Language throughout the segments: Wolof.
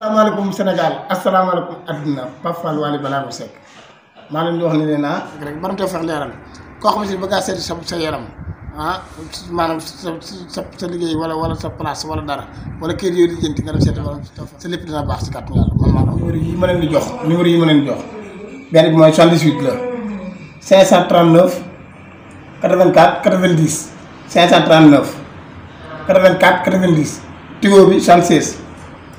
asalaamaaleykum Sénégal asalaamaaleykum adduna Pape Fall Waly Ballago Seck maa leen di wax ne leen ah rek mën nga fex leeral koo xam si bëgg a sa sa yaram ah maanaam sa sa liggéey wala wala sa place wala dara wala kër yooyu di jënti nga dem seeti wala sa numéro yi ma leen di jox numéro yi ma leen di la 539 84 90 539 84 90 bi 76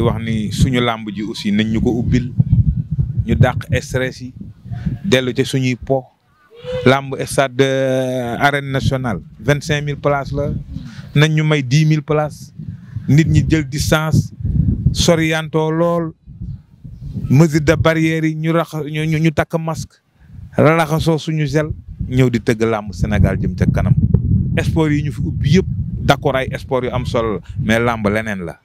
di wax suñu làmb ji aussi nañ ñu ko ubbil ñu dàq stress yi dellu ci suñuy po làmb stade arène nationale vingt cinq mille places la nañ ñu may dix mille places nit ñi jël distance soriantoo lool mesure de barrière yi ñu rax ñu ñu takk masque raxasoo suñu gel ñëw di tëgg làmb Sénégal jëm ca kanam sport yi ñu fi ubbi yëpp d'accord ay sport yu am solo la mais làmb leneen la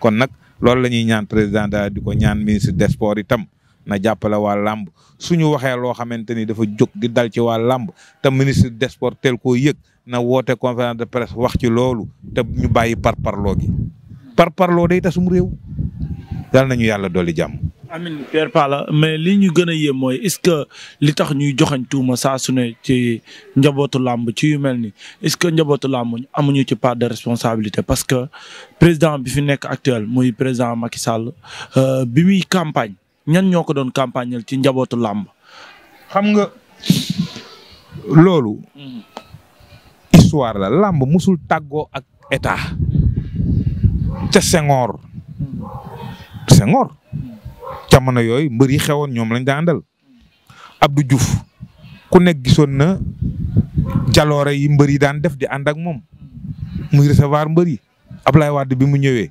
kon nag loolu la ñuy ñaan président daal di ko ñaan ministre des sports itam na jàppale waa làmb suñu waxee loo xamante ni dafa jóg gi dal ci waa làmb te ministre des sports tel koo yëg na woote conférence de presse wax ci loolu te ñu bàyyi parparloo gi par parparloo day tasum réew yal nañu yàlla dolli jàmm amin Pierre Palla mais li ñu gën a yéem mooy est-ce que li tax ñuy joxañ tuuma saa su ci njabootu làmb ci yu mel ni est-ce que njabootu làmb amuñu ci part de responsabilité parce que président bi fi nekk actuel muy président Macky Sall euh, bi muy campagne ñan ñoo ko doon campagneel ci njabootu làmb xam nga loolu. histoire la làmb musul tàggoo ak état. ca Senghor. Senghor. jamono yooyu mbër yi xewoon ñoom lañ daan àndal Abdou Diouf ku nekk gisoon na jaloore yi mbër yi daan def di ànd ak moom muy recevoir mbër yi Ablaye Wade bi mu ñëwee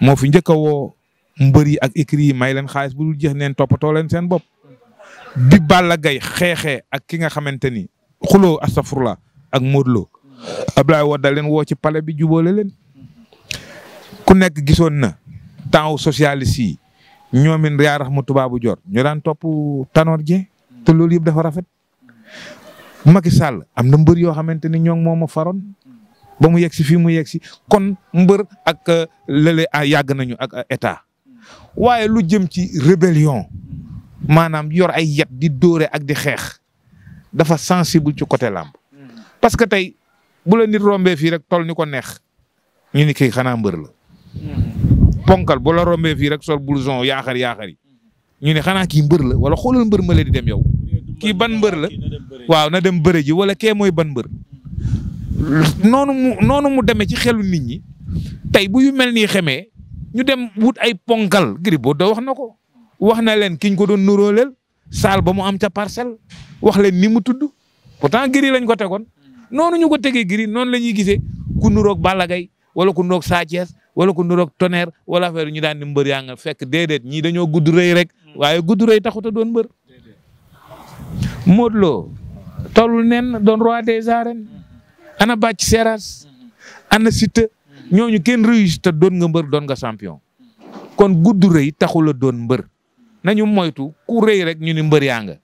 moo fi njëkk a woo mbër yi ak écrit yi may leen xaalis bu dul jeex neen toppatoo leen seen bopp. bi Balla gay xeexee ak ki nga xamante ni xuloo astafurla ak Modou Lo Ablaye Wade da leen woo ci palais bi jubóole leen ku nekk gisoon na temps socialiste yi. ñoomin yaa rax mu tubaabu joor ñu daan topp tanoor ji te loolu yëpp dafa rafet Macky Sall am na mbër yoo xamante ni ñoom moo ma faroon ba mu yegg si fii mu yegg si kon mbër ak euh, lële ah, yàgg nañu ak euh, état waaye lu jëm ci rébellion maanaam yor ay yet di dóore ak di xeex dafa sensible ci côté làmb parce que tey bu la nit rombee fii rek tol ni ko neex ñu ni kii xanaa mbër la ponkal bu la rombee fii rek sol blouson yaaxar yaaxar yi ñu ne xanaa kii mbër la wala xoolal mbër ma la di dem yow kii ban mbër la waaw na dem bëre ji wala kee mooy ban mbër noonu mu noonu mu demee ci xelu nit ñi tey bu yu mel nii xamee ñu dem wut ay ponkal Gris Bordeaux wax na ko wax na leen kiñ ko doon nuróoleel sal ba mu am ca parcelle wax leen ni mu tudd pourtant Gris lañ ko tegoon noonu ñu ko tegee Gris noonu la ñuy gisee ku nuroog Balla wala ku nuroog Sa wala ku nuroog tonnerre wala affaire ñu daan di mbër yaa nga fekk déedéet ñi dañoo gudd rëy rek mm. waaye gudd rëy taxut doon mbër. Modou Lo tollu nen doon roi des mm-hmm. ana bàcc seras mm-hmm. ana Siteu mm-hmm. ñooñu kenn réussi te doon nga mbër doon nga champion kon gudd rëy taxul a doon mbër nañu moytu ku rëy rek ñu ni mbër yaa nga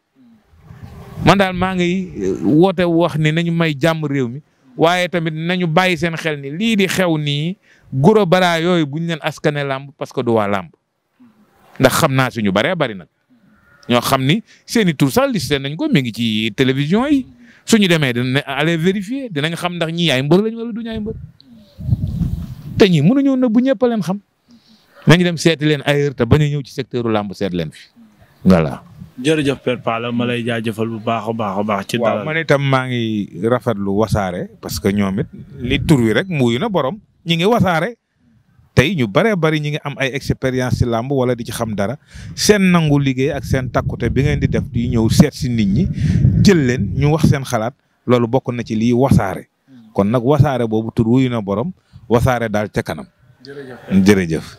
man daal maa ngi eh, woote wax ni nañu may jàmm réew mi waaye tamit nañu bàyyi seen xel ni lii di xew nii guro bara yooyu buñ leen askane làmb parce que du waa làmb ndax xam naa suñu bëree bëri nag ñoo xam ni seen i tur sax listé nañ ko mi ngi ci télévision yi suñu demee dinañ aller vérifier dinañ xam ndax ñii ay mbër lañ wala duñu ay mbër te ñii mënuñu na bu ñëpp leen xam nañ dem seeti leen ailleurs te bañ a ñëw ci secteur làmb seet leen fi voilà. jërëjëf Père Palla ma lay jaajëfal bu baax a baax a baax. ci dalal ma man itam maa ngi rafetlu wasaare parce que ñoom it tur wi rek muuyu na borom. ñi ngi wasaare tey ñu bëree bëri ñi ngi am ay expérience ci làmb wala di ci xam dara seen nangu liggéey ak seen takkute bi ngeen di def di ñëw seet si nit ñi jël leen ñu wax seen xalaat loolu bokk na ci lii wasaare. kon nag wasaare boobu tur wuyu na borom wasaare daal ca kanam. jërëjëf jërëjëf.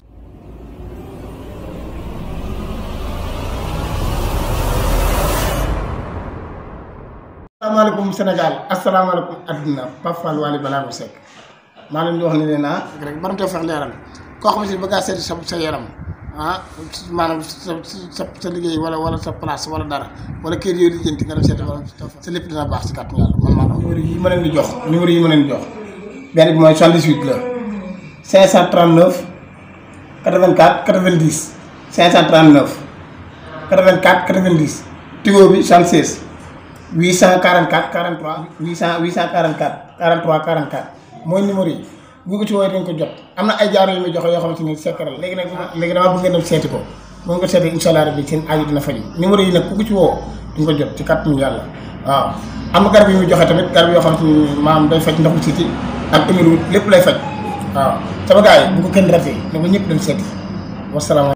asalaamaaleykum maa leen di wax ne leen ah rek mën na too fex leeral koo si bëgg ngaa seeti sa yaram ah maanaam sa sa liggéey wala wala sa place wala dara wala kër yooyu lijjanti nga dem seeti wala sa lépp dina baax si kàttan yàlla man maanaam numéro yi ma leen di jox numéro yi ma leen di jox benn bi mooy 78 la 539 84 90 539 84 90 tigo bi 76 844 43 800 844 43 44 mooy numéro yi bu ko ci woowee ko jot am na ay jaaro yu muy joxe yoo xamante ni sekkaral léegi nag léegi damaa bëgg ngeen dem seeti ko moom nga ko ci woo duñ ko jot ci kàttanu yàlla waaw am na garab yu joxe tamit garab yoo xamante ni maam day faj ndoxu siiti ak émiru lépp lay faj waaw sama gars bu ko kenn ratee ne ko ñëpp dem seeti wasalaamaaleykum